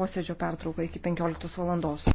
posėdžio pertrauką iki 15 valandos.